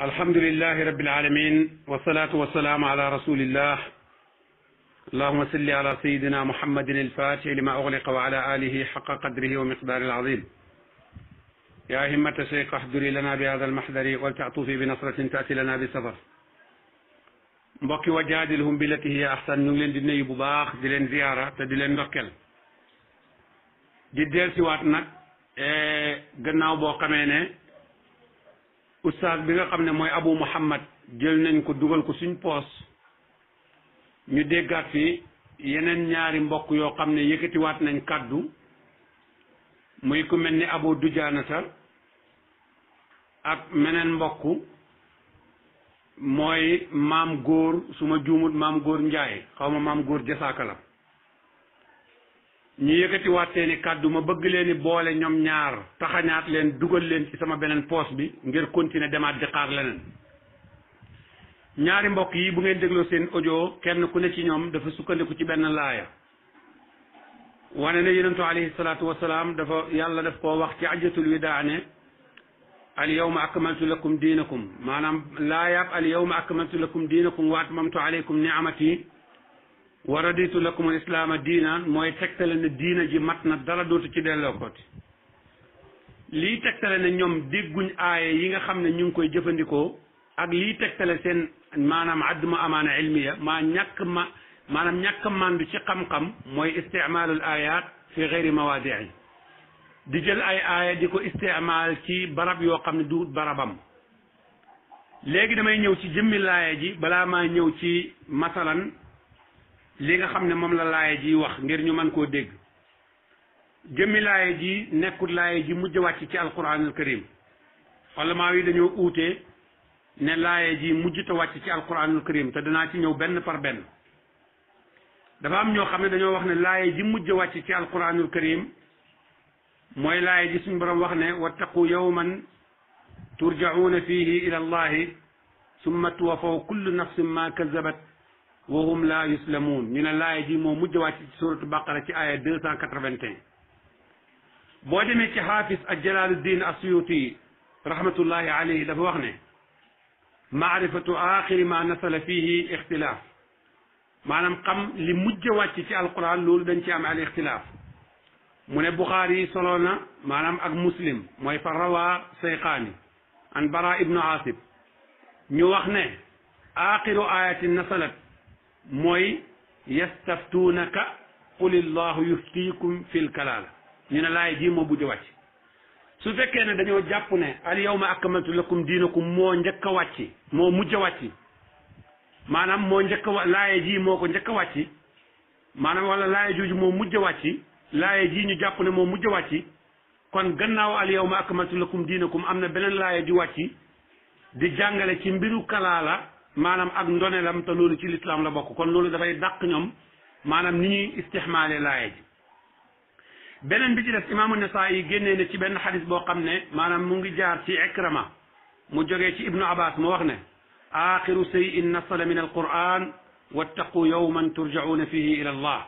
alhamdulilahi rabbil alamin wasalaatu wasalaamu ala rasulillah allahuma salli ala sayidina muhammadin alfatixi lima uxliqa wa ala alihi xaqa qadrihi wa miqdaari alazim ya himmata cheikh ahduri lana bi hada almahdari waltatufi bi nasratin taati lana bi safar mbokki wa jaadilhum billati hiya ahsan ñu ngi leen di nuyu bu baax di leen ziyaara te di leen ndokkel di delsiwaat nag eh, gannaaw boo xamee ne ustaas bi nga xam ne mooy abu muhammad jël nañ ko dugal ko suñ poos ñu déggaat fi yeneen ñaari mbokk yoo xam ne yëkkatiwaat nañ kàddu muy ku mel ni abu dujaanata ak meneen mbokk mooy maam góor su ma juumut maam góor njaay xaw ma maam góor jasaaka la ñu yëkkatiwaat seeni kàddu ma bëgg leen i boole ñoom ñaar taxañaat leen dugal leen ci sama beneen poos bi ngir continuer demaat di xaar leneen ñaari mbokk yi bu ngeen dégloo seen audio kenn ku ne ci ñoom dafa sukkandiku ci benn laaya wane ne yonentu alayhi salaatu salaam dafa yàlla daf koo wax ci ajjatul widaa ne al yawma akmaltu lakum diinakum maanaam laayaab al yawma akmaltu lakum diinakum wa atmamtu alaykum yi wa raditu lakum alislaama diinan mooy tegtale ne diina ji mat na dara dootu ci delloo kooti lii tegtale ne ñoom dégguñ aaya yi nga xam ne ñu ngi koy jëfandikoo ak lii tegtale seen maanaam adduma amaana ilmiya maa ñàkk ma maanaam ñàkk màndu ci xam-xam mooy isticmaalul ayat fi gayri mawaadii di jël ay aaya di ko istimaal ci barab yoo xam ne du barabam léegi damay ñëw ci jëmmi laaya ji balaa maa ñëw ci masalan li nga xam ne moom la laaya ji wax ngir ñu man koo dégg jëmmi laaya ji nekkul laaya ji mujj wàcc ci alquranul karim olamaa yi dañoo uute ne laaya ji mujj te wàcc ci alquranul karim te danaa ci ñëw benn par benn dafa am ñoo xam ne dañoo wax ne laaya ji mujj wàcc ci alquranul karim mooy laaya ji suñ borom wax ne wattaqu yawman turjauna fihi ila allahi summa tuwafaw kullu nafsin ma kazabat wa hum laa yuslamuun ñu ne laaya ji moo mujj wàcc ci suratu baqara ci aaya deux cent quatre-vingt-un boo demee ci xaafis ak jalaaluddin asuyuti rahmatullahi alayhi dafa wax ne maarifatu axiri ma nasala fihi ixtilaaf maanaam xam li mujj wàcc ci alquran loolu dañ ci am al ixtilaaf mu ne buxaari yi solo na maanaam ak muslim mooy fa rawa sayxaani an bara ibnu asib ñu wax ne axiru ayatin nasalat mooy yastaftuunaka qulillahu yuftiikum fil kalaala ñu ne laay jii moo bujj wàcc su fekkee ne dañoo jàpp ne al yawma akmaltu lakum diinakum moo njëkk wàcc moo mujj wàcc maanaam moo njëkk a ji moo ko njëkk wàcc maanaam wala laaye jooju moo mujj a wàcc laaye ji ñu jàpp ne moo mujj a wàcc kon gannaaw al yawma akmaltu lakum diinakum am na beneen laaye ju wàcc di jàngale ci mbiru kalaala maanaam ak ndonelam te loolu ci lislaam la bokk kon loolu dafay dàq ñoom maanaam ni ñuy istixmaale laaye ji beneen bi ci def imaamu Nasaa'i yi génnee ci benn xadis boo xam ne maanaam mu ngi jaar ci Ikrama mu jógee ci Ibnu Abbas mu wax ne axiru seyin nasala min alquran wattaqu yowman turjauna fihi ila allah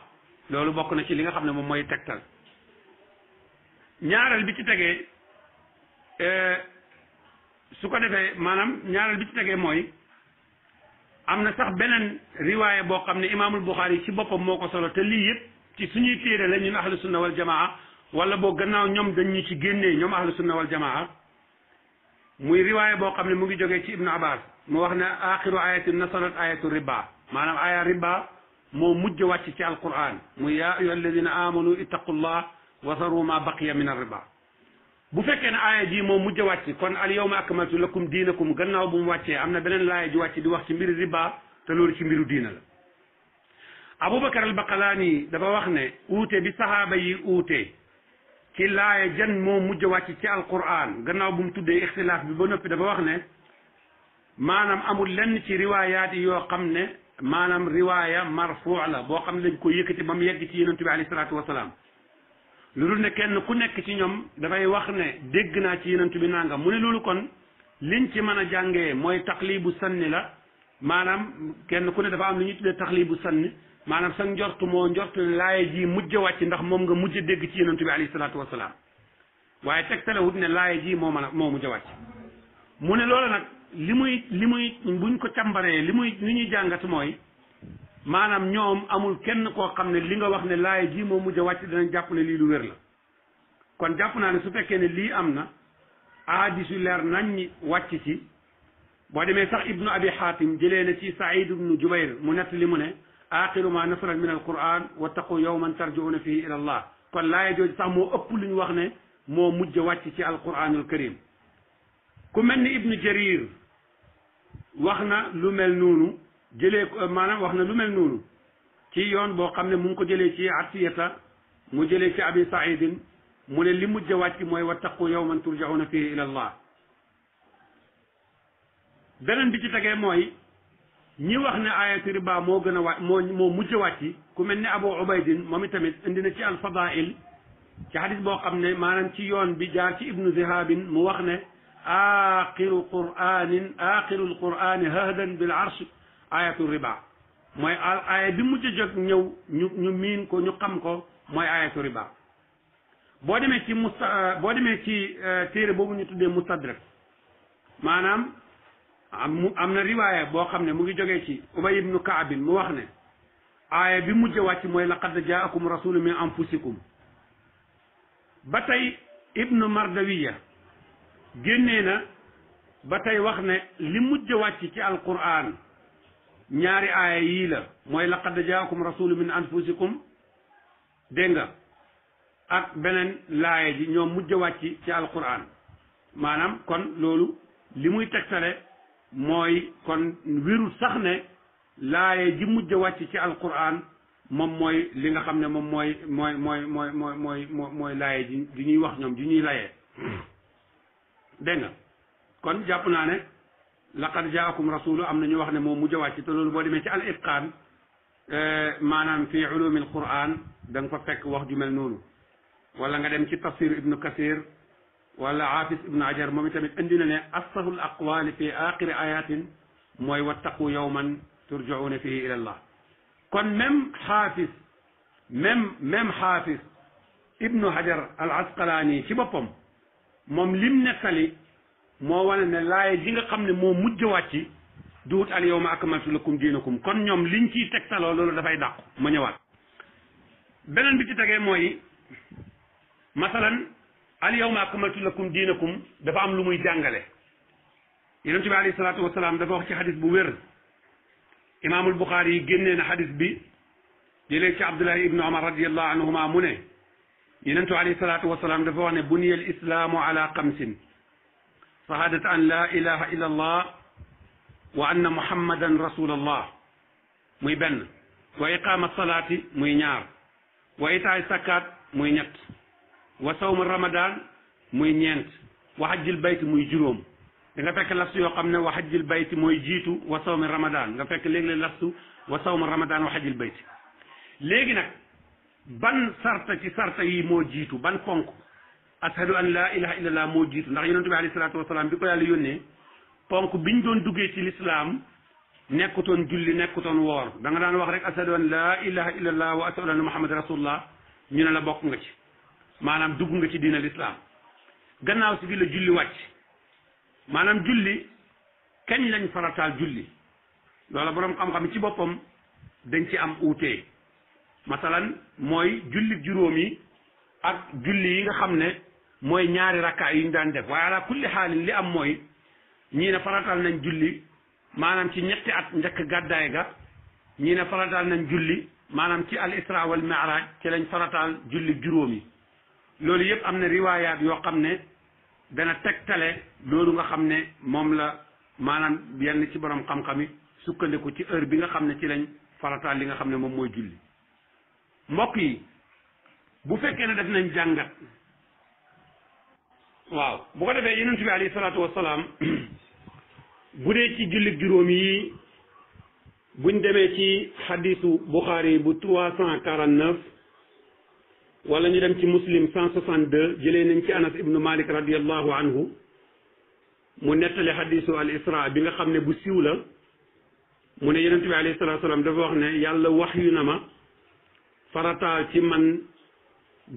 loolu bokk na ci li nga xam ne moom mooy tegtal ñaareel bi ci tegee eh, su ko defee maanaam ñaareel bi tegee mooy am na sax beneen riwaaya boo xam ne imaamul Buxaari ci boppam moo ko solo te lii yëpp ci suñuy téere la ñun ahlu sunna wal jamaa wala boo gannaaw ñoom dañ ñu ci génnee ñoom ahlu sunna wal jamaa muy riwaaya boo xam ne mu ngi jógee ci ibnu abbas mu wax ne axiru ayatin nasalat ayatu riba maanaam aya riba moo mujj wàcc ci alquran mu yaa ayuha alladina amanu ittaqullah wa saru ma baqiya min arriba bu fekkee ne aaya ji moom mujj a wàcc kon al yawma akmaltu lakum diinakum gannaw bu mu wàccee am na beneen laaya di wàcc di wax ci mbiru riba te loolu ci mbiru diina la aboubacar al dafa wax ne uute bi sahaaba yi uute ci laaya jan moo mujj a wàcc ci alquran gannaaw bu mu tuddee ixtilaaf bi ba noppi dafa wax ne maanaam amul lenn ci riwaayaat yi yoo xam ne maanaam riwaaya marfuu la boo xam ne dañ ko yëkkati ba mu yegg ci yonent bi alayhi salaatu wasalaam lu dul ne kenn ku nekk ci ñoom dafay wax ne dégg naa ci yenentu bi nàngam mu ne loolu kon liñ ci mën a jàngee mooy taxlibu sanni la maanaam kenn ku ne dafa am lu ñuy tuddee taxlibu sanni maanaam sa njort moo njort laaya jii mujj wàcc ndax moom nga mujj dégg ci yenentu bi alayhi salaatu wasalaam waaye tegtalewut ne laaya jii moo mën a moo mujj wàcc mu ne loolu nag li muy li muy buñ ko càmbaree li muy li ñuy jàngat mooy maanaam ñoom amul kenn koo xam ne li nga wax ne laay ji moo mujj a wàcc jàpp ne lii lu wér la kon jàpp naa ne su fekkee ne lii am na aadi su leer nañ wàcc ci boo demee sax ibnu abi xaatim jëlee na ci saïd ibnu jubayr mu nett li mu ne axiru ma nafaran min alquran wattaqu yawman tarjiuna fihi ila allah kon laaya jooju sax moo ëpp lu ñu wax ne moo mujj a wàcc ci alquranul karim ku mel ni ibnu jarir wax na lu mel noonu jëlee maanaam wax na lu mel noonu ci yoon boo xam ne mu ngi ko jëlee ci atiyata mu jëlee ci abi saidin mu ne li mujj wàcc mooy wattaqu yawman turjauna fihi ila allah beneen bi ci tegee mooy ñi wax ne ayati riba moo gën a wàcc moo moo mujj wàcc ku mel ne abu ubaydin moom itamit indi na ci alfadail ci hadis boo xam ne maanaam ci yoon bi jaar ci ibnu zihabin mu wax ne aqiru quranin aqiru alqurani hahdan bil arsh ayatu riba mooy aaya bi mujj jot ñëw ñu ñu miin ko ñu xam ko mooy ayatu riba boo demee ci musta euh, boo demee ci euh, téere boobu ñu tuddee mustadrak maanaam am am na riwaaya boo xam ne mu ngi jógee ci ubay ibnu kaabin mu wax ne aaya bi mujj wàcc mooy laqad jaakum rasulu min anfusikum ba tey ibnu mardawiya génnee na ba tey wax ne li mujj wàcc ci alquran ñaari aaya yii la mooy laqad jaakum rasulu min anfusikum dégg nga ak beneen laaya ji ñoom mujj wàcc ci alquran maanaam kon loolu li muy tegtale mooy kon wérul sax ne laaya ji mujj wàcc ci alquran moom mooy li nga xam ne moom mooy mooy mooy mooy mooy mooy mooy laaya ji di ñuy wax ñoom di ñuy layee dégg nga kon jàpp naa ne laqad jaakum rasulu am na ñu wax ne moom mujj a wàcc te loolu boo demee ci al itqaan eh, maanaam fi ulumi al quran da nga fa fekk wax ju mel noonu wala nga dem ci tafsir ibnu kasir wala aafis ibnu ajar moom itamit indi na ne asahul aqwali fi axiri ayatin mooy wattaqu yawman turjauna fihi ila allah kon même xaafis même même xaafis ibnu hajar al asqalaani ci boppam moom lim nettali moo wane ne laaye ji nga xam ne moo mujj wàcc duut al yawma akmaltu lakum diinakum kon ñoom liñ ciy tegtaloo loolu dafay dàqu ma ñëwaat beneen bi ci tegee mooy masalan al yawma akmaltu lakum diinakum dafa am lu muy jàngale yonent bi alayhi salaatu ci xadis bu wér imaamul buxaari yi génnee na xadis bi jëlee ci abdullahi ibnu omar radiallahu anhuma mu ne yonentu alayhi dafa wax ne buniyal islaamu ala xamsin shahadat an la ilaha illa allah wa anna muhammadan rasulallah muy benn wa iqama salaati muy ñaar wa itaay sakkaat muy ñett wa sawmu ramadan muy ñeent wa hajjil bayt muy juróom da nga fekk laftu yoo xam ne wa hajjil bayt mooy jiitu wa sawmi ramadan nga fekk léegi-léeg laftu wa sawmu ramadan wa hajjil bayt léegi nag ban sarta ci sarta yi moo jiitu ban ponk ashadu an laa ilaha illallah moo jiitu ndax yonentu bi alayhi salaatu wasalaam bi ko yàlla yónnee ponk biñ doon duggee ci lislaam nekkutoon julli nekkutoon woor danga daan wax rek ashadu an laa ilaha illallah wa ashadu anna muhammad rasulullah ñu ne la bokk nga ci maanaam dugg nga ci diina lislaam gannaaw si bi la julli wàcc maanaam julli kañ lañ farataal julli loola boroom xam-xam ci boppam dañ ci am uutee masalan mooy julli juróom yi ak julli yi nga xam ne mooy ñaari rakkaay yu ñu daan def waaye ala kulli xaalin li am mooy ñii ne faratal nañ julli maanaam ci ñetti at njëkk gàddaay ga ñii ne faratal nañ julli maanaam ci al isra wal ci lañ farataal julli juróom yi loolu yëpp am na riwaayaat yoo xam ne dana tegtale loolu nga xam ne moom la maanaam yenn ci borom xam-xam yi sukkandiku ci heure bi nga xam ne ci lañ farataal li nga xam ne moom mooy julli mbokk yi bu fekkee ne def nañ jàngat waaw bu ko defee yonent bi alayhi salaatu wasalaam bu dee ci jullit juróom yi buñ demee ci xadisu Buxaari bu trois cent quarante neuf wala ñu dem ci muslim cent soixante deux jëlee nañ ci anas ibnu malik radiallahu anhu mu nettali xadisu al isra bi nga xam ne bu siiw la mu ne yonent bi alayhi salaatu dafa wax ne yàlla wax yu na ma farataal ci man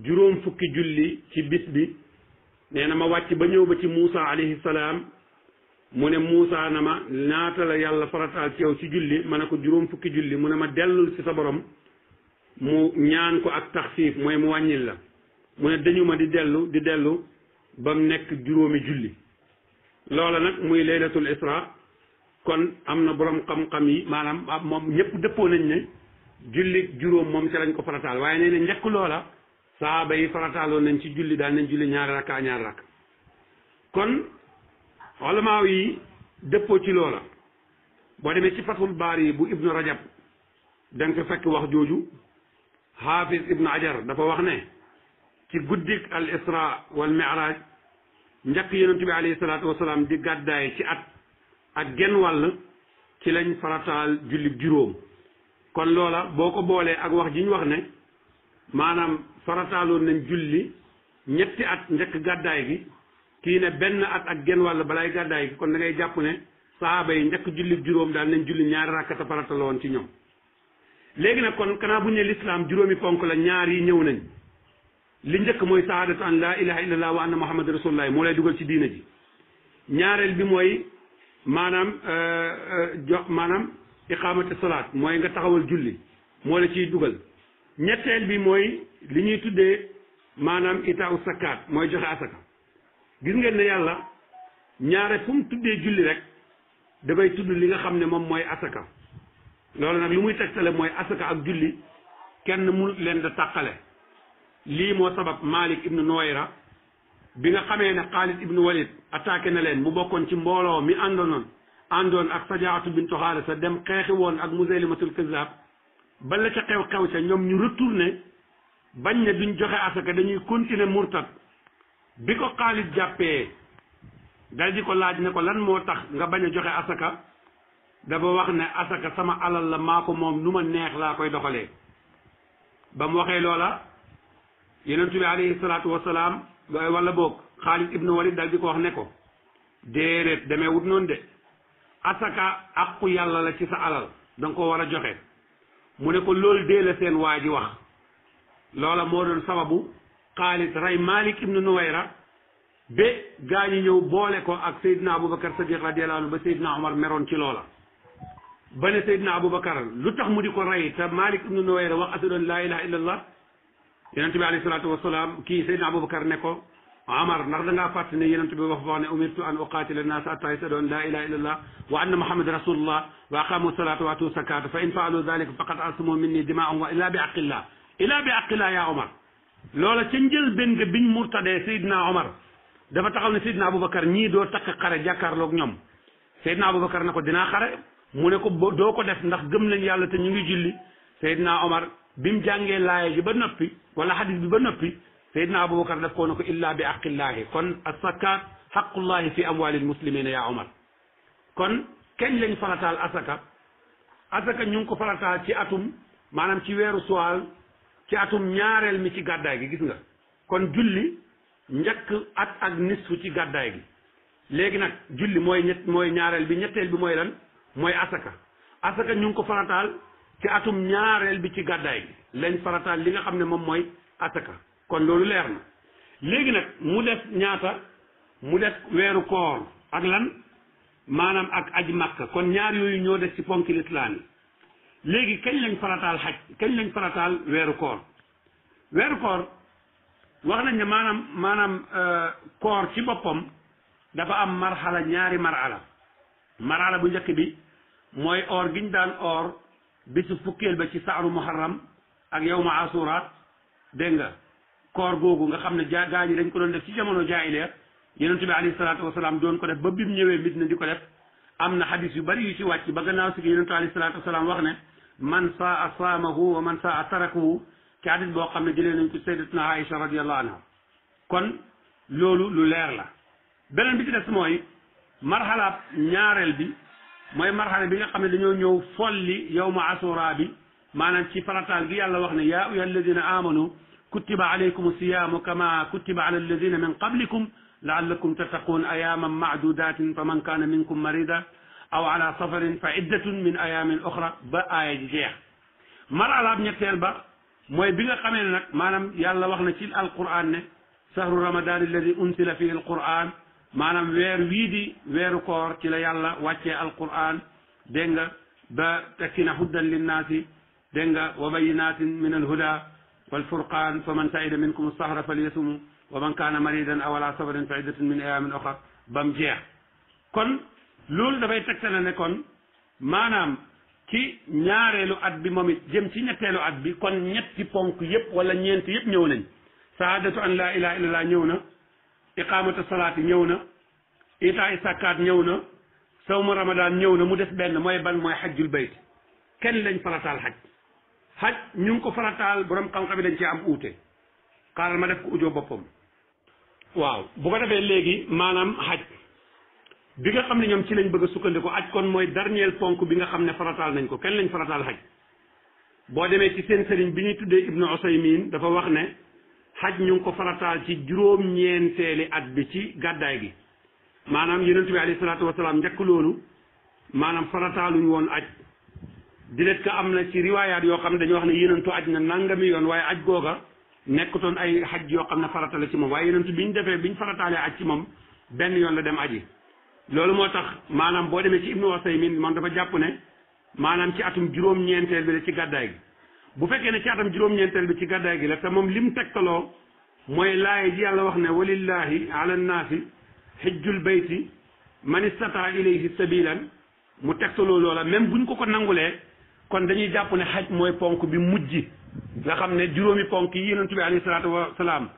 juróom fukki julli ci bis bi nee na ma wàcc ba ñëw ba ci Moussa alayhi salaam mu ne Moussa na ma naata la yàlla farataal ci yow ci julli ma ne ko juróom fukki julli mu ne ma dellul ci sa borom mu ñaan ko ak taxfiif mooy mu wàññil la mu ne dañu ma di dellu di dellu ba mu nekk juróomi julli loola nag muy laylatul isra kon am na borom xam-xam yi maanaam moom ñëpp dëppoo nañ ne julli juróom moom ci lañ ko farataal waaye nee na njëkk loola saaba yi farataaloon nañ ci julli daal nañ julli ñaari rakka ñaari rakk kon ulamaaw yi dëppoo ci loola boo demee ci fatul baar yi bu ibnu rajab da nga fekk wax jooju hafiz ibnu ajar dafa wax ne ci guddik al isra wal mi'raj njëkk yonent bi alayhi salaatu wasalaam di gàddaay ci at ak genn wàll ci lañ farataal julli juróom kon loola boo ko boolee ak wax ji ñu wax ne maanaam farataaloon nañ julli ñetti at njëkk gàddaay gi kii ne benn at ak genn wàll balaay gàddaay gi kon da jàpp ne saaba yi njëkk julli juróom daan nañ julli ñaari rakkata faratala woon ci ñoom léegi na kon kanaa bu ñu ne lislaam juróomi ponk la ñaar yi ñëw nañ li njëkk mooy sahaadatu an laa ilaha illallah wa anna muhammad rasulullah moo lay dugal ci diina ji ñaareel bi mooy maanaam euh, euh, jox maanaam iqaamati salaat mooy nga taxawal julli moo la ciy dugal ñetteel bi mooy li ñuy tuddee maanaam itaaw sakkaat mooy joxe asaka gis ngeen ne yàlla ñaare fu mu tuddee julli rek dafay tudd li nga xam ne moom mooy asaka loolu nag lu muy tegtale mooy asaka ak julli kenn mu leen da tàqale lii moo sabab Malik ibnu Nuwayra bi nga xamee ne Xaalid ibnu Walid attaqué na leen mu bokkoon ci mbooloo mi àndoon àndoon ak Sajaatu bintu Xaaris sa dem xeexi woon ak Musaylimatul Kazzab ba la ca xew xew ca ñoom ñu retourné bañ ne duñ joxe asaka dañuy continuer murtat bi ko xaalis jàppee dal di ko laaj ne ko lan moo tax nga bañ a joxe asaka dafa wax ne asaka sama alal la maa ko moom nu ma neex laa koy doxalee ba mu waxee loola yenentu bi alayhi salaatu wasalaam wala boog Xaalid ibnu Walid dal di ko wax ne ko déedéet demee wut noonu de asaka aqu yàlla la ci sa alal da ko war a joxe mu ne ko loolu dee la seen waa ji wax loola moo doon sababu Xaalid rey Malik ibnu Nuwayra ba gaa ñi ñëw boole ko ak Seydina Aboubacar Sadiq radiyallahu anhu ba Seydina Omar meroon ci loola. ba ne Seydina Aboubacar lu tax mu di ko rey te Malik ibnu Nuwayra wax ashadu an laa ilaaha illallah yonente bi alayhi salaatu wasalaam kii Seydina Aboubacar ne ko. amar ndax da ngaa fàtte ne yenent bi wax wax ne umirtu an uqaatila naasa atta yasadoon laa ilaha illa allah wa anna muhammad rasulullah wa aqamu salata wa atu sakata fa in faalu dalika faqad asmo bi aqillah illa bi aqillah ya omar loola ca njëlbéen ga biñ murtadee sayidna omar dafa taxaw ne sayidna aboubacar ñii doo takk xare jàkkaarloog ñoom sayidna aboubacar na ko dinaa xare mu ne ko doo ko def ndax gëm nañ yàlla te ñu ngi julli sayidna omar bi mu jàngee laaya ji ba noppi wala hadis bi ba noppi Seydina Aboubacar daf koo ne ko illa bi aqillahi kon asaka xaqullahi fi amwalil muslimina yaa Omar kon kañ lañ farataal asaka asaka ñu ngi ko farataal ci atum maanaam ci weeru suwaal ci atum ñaareel mi ci gàddaay gi gis nga kon julli njëkk at ak gi léegi nag julli mooy ñett mooy ñaareel bi ñetteel bi mooy lan mooy asaka asaka ñu ngi ko farataal ci atum ñaareel bi ci gàddaay gi lañ farataal li nga xam ne moom mooy asaka kon loolu leer na léegi nag mu def ñaata mu def weeru koor ak lan maanaam ak aj makka kon ñaar yooyu ñoo def ci ponki lislaam léegi kañ lañ farataal xaj kañ lañ farataal weeru koor weeru koor wax nañ ne maanaam maanaam euh, koor ci boppam dafa am marxala ñaari marxala marxala bu njëkk bi mooy or giñ daan or bisu fukkeel ba ci saaru muharram ak yow ma asuraat dégg nga koor googu nga xam ne jaa gaa ñi dañ ko doon def ci jamono jaahiliya yonent bi alayhi salaatu wasalaam doon ko def ba bim ñëwee Medina di ko def am na xadis yu bari yu ci wàcc ba gannaaw si gi yonent bi alayhi salaatu wasalaam wax ne man saa saamahu wa man saa tarakahu ci xadis boo xam ne jëlee nañ ko sayyidatuna Aïcha radiyallahu anha kon loolu lu leer la beneen bi ci des mooy marxalaab ñaareel bi mooy marxala bi nga xam ne dañoo ñëw folli yawma asura bi maanaam ci farataal gi yàlla wax ne yaa ayyuha alladina amanu kutiba alaykum siyaamu kama kutiba ala alladina min qablikum laallakum tattaquun ayaaman maadudatin fa man kaana minkum marida aw ala safarin fa iddatun min ayaamin oxra ba aaya ji jeex maralaab ñetteel ba mooy bi nga xamee ne nag maanaam yàlla wax na ci alquran ne sahru ramadan alladi unsila fihi alquran maanaam weer wii di weeru koor ci la yàlla wàccee alquran dégg nga ba tekki na huddan linnaasi dégg nga wa bayinatin min alhuda والفرقان فمن شهد منكم السهر فليصم ومن كان مريضا أو على سفر فعدة من أيام أخرى bam jeex kon loolu dafay tegtale ne kon maanaam ci ñaareelu at bi moom it jëm ci ñetteelu at bi kon ñetti ponk yépp wala ñeent yépp ñëw nañ sahaadatu an laa ilaha illallah ñëw na iqamatu salaati ñëw na itaai sakaat ñëw na sawmu ramadan ñëw na mu def benn mooy ban mooy xajjul bayt kenn lañ farataal xaj xaj ñu ngi ko farataal borom xam-xam yi dañ cee am uute xaaral ma def ko ujoo boppam waaw bu ko defee léegi maanaam xaj bi nga xam ne ñoom ci lañ bëgg a sukkandiku aj kon mooy dernier ponk bi nga xam ne farataal nañ ko kenn lañ farataal xaj boo demee ci seen sëriñ bi ñuy tuddee ibnu Usaymin dafa wax ne xaj ñu ngi ko farataal ci juróom-ñeenteeli at bi ci gàddaay gi maanaam yonent bi alayhi salaatu wasalaam njëkk loolu maanaam farataaluñ woon aj di leen am na ci riwaayaat yoo xam ne dañoo wax ne yenentu aj na nangami yoon waaye aj googa nekkutoon ay xaj yoo xam ne farata la ci moom waaye yenentu bi ñu defee bi ñu farataalee aj ci moom benn yoon la dem aji loolu moo tax maanaam boo demee ci ibnu Usaymin moom dafa jàpp ne maanaam ci atum juróom-ñeenteel bi la ci gàddaay gi bu fekkee ne ci atam juróom-ñeenteel bi ci gàddaay gi la te moom li lim tegtaloo mooy laay ji yàlla wax ne walillahi ala nnaasi xijjul bayti man istataa ilayhi sabilan mu tegtaloo loola même buñ ko ko nangulee kon dañuy jàpp ne xaj mooy ponk bi mujj nga xam ne juróomi ponk yi yonent bi alayhi salaatu wasalaam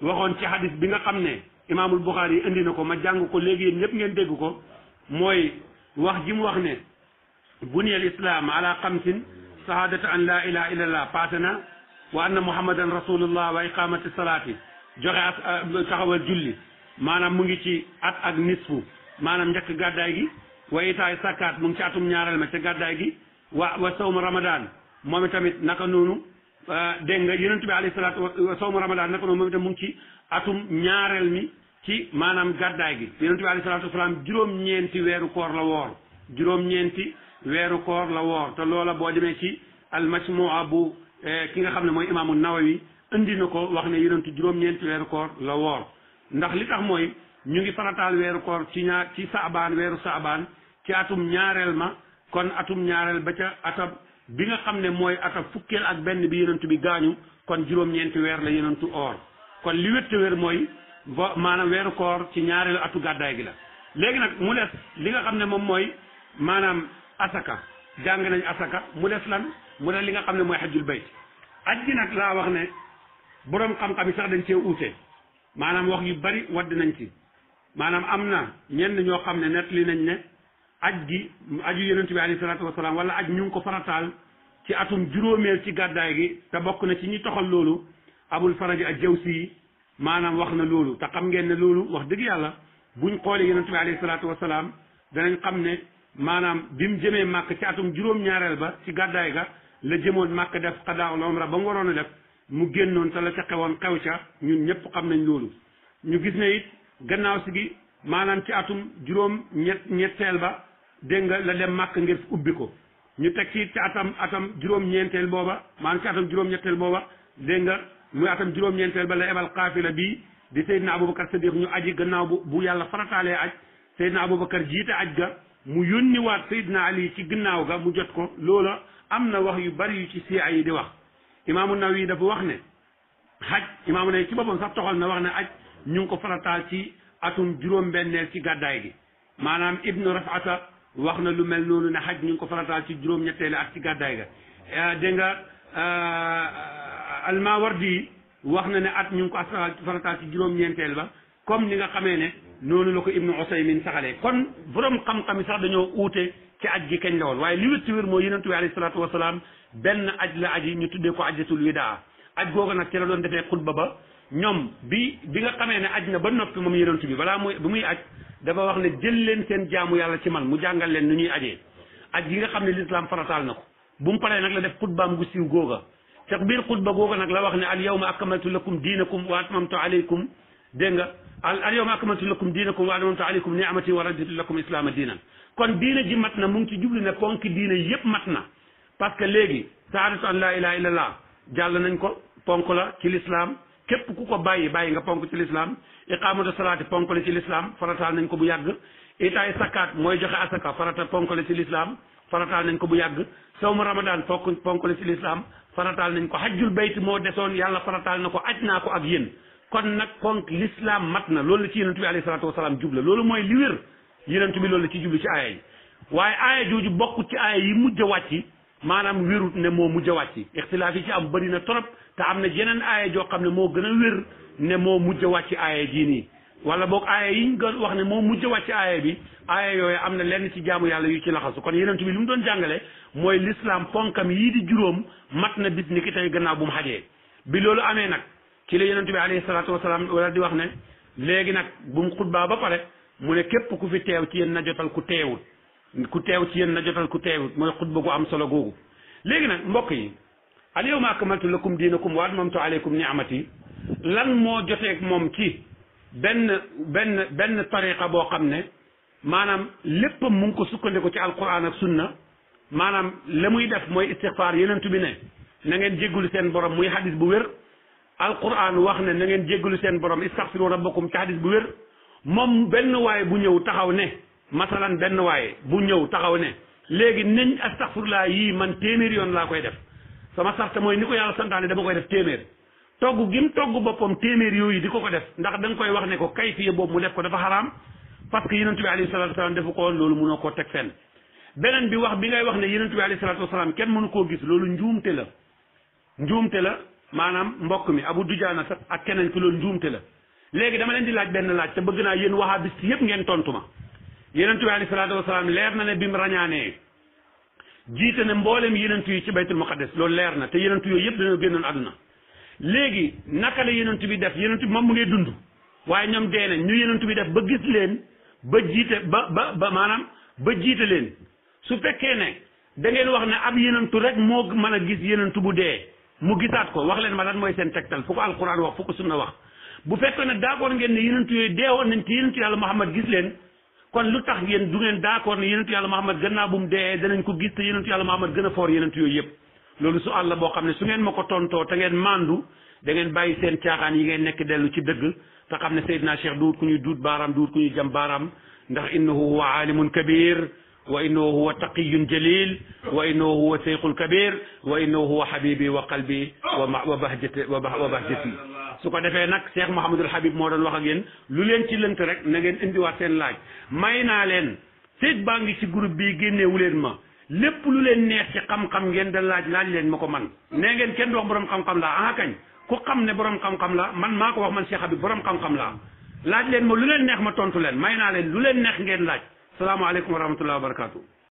waxoon ci hadis bi nga xam ne imaamul Buxaari yi indi na ko ma jàng ko léegi yéen ñëpp ngeen dégg ko mooy wax ji mu wax ne buniyal islaam ala xamsin sahadata an la ilaha illallah paase na wa anna muhammadan rasulullah wa iqamati salaati joxe as euh, taxawal julli maanaam mu ngi ci at ak nisfu maanaam njëkk gàddaay gi wa itaay sakkaat mu ngi ci atum ñaareel ma ci gàddaay gi wa wa sawmu ramadaan moom itamit naka noonu euh, dégg nga yonent bi alayhi salaatu wa sawmu ramadan naka noonu moom itam mu ngi ci atum ñaareel mi ci maanaam gàddaay gi yonent bi alayhi salaatu wa salaam juróom-ñeenti weeru koor la woor juróom-ñeenti weeru koor la woor te loola boo demee ci almajmuwa bu euh, ki nga xam ne mooy imaamu nawawi indi na ko wax ne yonent juróom-ñeenti weeru koor la woor ndax li tax mooy ñu ngi farataal weeru koor ci ñaar ci saabaan weeru saabaan ci atum ñaareel ma kon atum ñaareel ba ca atab bi nga xam ne mooy atab fukkeel ak benn bi yonent bi gaañu kon juróom-ñeenti weer la yonentu oor kon li wétta wér mooy ba maanaam weeru koor ci ñaareelu atu gàddaay gi la léegi nag mu des li nga xam ne moom mooy maanaam asaka jàng nañ asaka mu des lan mu des li nga xam ne mooy xajjul bayt aj nag laa wax ne boroom xam-xam yi sax dañ cee uute maanaam wax yu bari wadd nañ ci maanaam am na ñenn ñoo xam ne nett li nañ ne aj gi aju yonent bi alayhi salaatu wasalaam wala aj ñu ngi ko farataal ci atum juróomeel ci gàddaay gi te bokk na ci ñi toxal loolu abul faraj ak jawsi maanaam wax na loolu te xam ngeen ne loolu wax dëgg yàlla buñ xoolee yonent bi alayhi salaatu wasalaam danañ xam ne maanaam bi mu jëmee màkk ci atum juróom-ñaareel ba ci gàddaay ga la jëmoon màkk def xadaaw la umra ba mu waroon a def mu génnoon te la ca xewoon xew ca ñu ñëpp xam nañ loolu ñu gis ne it gannaaw si maanaam ci atum juróom ñett ba dégg nga la dem màkk ngir ubbi ko ñu teg ci ci atam atam juróom-ñeenteel booba maanaam ci atam juróom-ñetteel booba dégg nga muy atam juróom-ñeenteel ba la ebal xaafila bii di Seydina Aboubacar Sadiq ñu aji gannaaw bu bu yàlla farataalee aj Seydina Aboubacar jiite aj ga mu yónniwaat Seydina Ali ci gannaaw ga mu jot ko loola am na wax yu bari yu ci siya yi di wax imaamu Nawawi dafa wax ne xaj imaamu ne ci boppam sax toxal na wax ne aj ñu ngi ko farataal ci atum juróom-benneel ci gàddaay gi wax na lu mel noonu ne xaj ñu ngi ko farataal ci juróom-ñetteelu at ci gàddaay ga dégg nga euh, euh, almawardi wax na ne at ñu ngi ko farataal ci juróom-ñeenteel ba comme ni nga xamee ne noonu la ko ibnu Usaymin saxalee kon borom xam-xam yi sax dañoo uute ci aj gi kañ la woon waaye li wér ci wér mooy yonent bi alayhi salaatu wasalaam benn aj la aj yi ñu tuddee ko ajatul widaa aj googu nag ci la doon defee xutba ba ñoom bi bi nga xamee ne aj na ba noppi moom yonent bi balaa muy bi muy aj dafa wax ne jël leen seen jaamu yàlla ci man mu jàngal leen nu ñuy ajee aj yi nga xam ne lislaam farataal na ko bu mu paree nag la def xutbaam gu siiw googa ca biir xutba googa nag la wax ne al yawma akmaltu lakum diinakum wa atmamtu alaykum dégg nga al yawma akmaltu lakum diinakum wa atmamtu alaykum ni'amati wa raditu lakum islaama diinan kon diina ji mat na mu ngi ci jublu ne ponk diina yépp mat na parce que léegi saadatu an laa ilaha illallah jàll nañ ko ponk la ci lislaam képp ku ko bàyyi bàyyi nga ponk ci lislaam iqaamatu salaati ponk la ci lislaam farataal nañ ko bu yàgg itaay sakkaat mooy joxe asaka farata ponk la ci lislaam farataal nañ ko bu yàgg sawmu ramadan ponk ponk la ci lislaam farataal nañ ko hajjul bayti moo desoon yàlla farataal na ko aj naa ko ak yéen kon nag ponk lislaam mat na loolu la ci yonentu bi alayhi salaatu wasalaam jubla loolu mooy li wér yonentu bi loolu la ci jublu ci aaya yi waaye aaya jooju bokkut ci aaya yi mujj a wàcc maanaam wérut ne moo mujj a wàcc ixtilaaf yi ci am bëri na trop te am na yeneen aaya joo xam ne moo gën a wér ne moo mujj a wàcc aaya jii nii wala boog aaya yi ñu wax ne moo mujj a wàcc aaya bi aaya yooyu am na lenn ci jaamu yàlla yu ci laxasu kon yeneen bi li mu doon jàngale mooy lislaam ponkam yii di juróom mat na bis ni ki tey gannaaw bu mu xajee bi loolu amee nag ci la yonent bi alayhi salaatu wasalaam wala di wax ne léegi nag bu mu ba pare mu ne képp ku fi ci yéen na jotal ku teewul ku teew ci yéen na jotal ku teewut mooy xutba gu am solo googu léegi nag mbokk yi al yawma akmaltu lakum diinakum wa atmamtu alaykum ni'amati lan moo joteek moom ci benn benn benn tariqa boo xam ne maanaam lépp mu ngi ko sukkandiku ci alquran ak sunna maanaam la muy def mooy istixfaar yenentu bi ne na ngeen jéggalu seen borom muy hadis bu wér alquran wax ne na ngeen jéggalu seen borom istaxfiru rabbakum ci hadis bu wér moom benn waaye bu ñëw taxaw ne masalan benn waaye bu ñëw taxaw ne léegi niñ astaxfirullah yii man téeméer yoon laa koy def sama sarta mooy ni ko yàlla santaane dama koy def téeméer togg gim togg boppam téeméer yooyu di ko ko def ndax da koy wax ne ko kayfiya boobu mu def ko dafa xaraam parce que yonent bi alayhi salatu wasalaam defu ko woon loolu mënoo koo teg fenn beneen bi wax bi ngay wax ne yonent bi alayhi salatu wasalaam kenn mënu koo gis loolu njuumte la njuumte la maanaam mbokk mi abu dujaana sax ak keneen ki loolu njuumte la léegi dama leen laaj benn laaj bëgg naa yéen wahabiste yépp ngeen tontu ma yenentu bi alayhi salaatu wasalaam leer na ne bi mu rañaanee jiite ne mbooleem yenentu yi ci baytul muqaddas loolu leer na te yenentu yooyu yëpp dañoo génnoon àdduna léegi naka la yenentu bi def yenentu bi moom mu ngay dund waaye ñoom dee nañ ñu yenentu bi def ba gis leen ba jiite ba ba ba maanaam ba jiite leen su fekkee ne da ngeen wax ne ab yeneentu rek moo man a gis yenentu bu dee mu gisaat ko wax leen ma lan mooy seen tegtal fu ko alquran wax fu ko sunna wax bu ci yàlla Muhammad gis leen kon lu tax yéen du ngeen d'accord ne yonentu yàlla Muhammad gannaaw bu mu dee danañ ko gis te yonentu yàlla Muhammad gën a foor yonentu yooyu yëpp loolu su àll boo xam ne su ngeen ma ko tontoo ta ngeen màndu da ngeen bàyyi seen caaxaan yi ngeen nekk dellu ci dëgg te xam ne Seydina Cheikh duut ku ñuy duut baaraam duut ku ñuy jam baaraam ndax innahu huwa aalimun kabir wa innahu huwa taqiyun jalil wa innahu huwa seyqul kabir wa innahu huwa habibi wa qalbi wa bahjati wa bahjati su ko defee nag Cheikh Mouhamadul Habib moo doon wax a yéen lu leen ci lënt rek na ngeen indiwaat seen laaj may naa leen seet baa ngi ci groupe bi génneewu leen ma lépp lu leen neex ci xam-xam ngeen da laaj laaj leen ma ko man nee ngeen kenn du wax borom xam-xam laa ah kañ ku xam ne borom xam-xam la man maa ko wax man Cheikh Habib borom xam-xam laa laaj leen ma lu leen neex ma tontu leen may naa leen lu leen neex ngeen laaj salaamaaleykum wa rahmatulah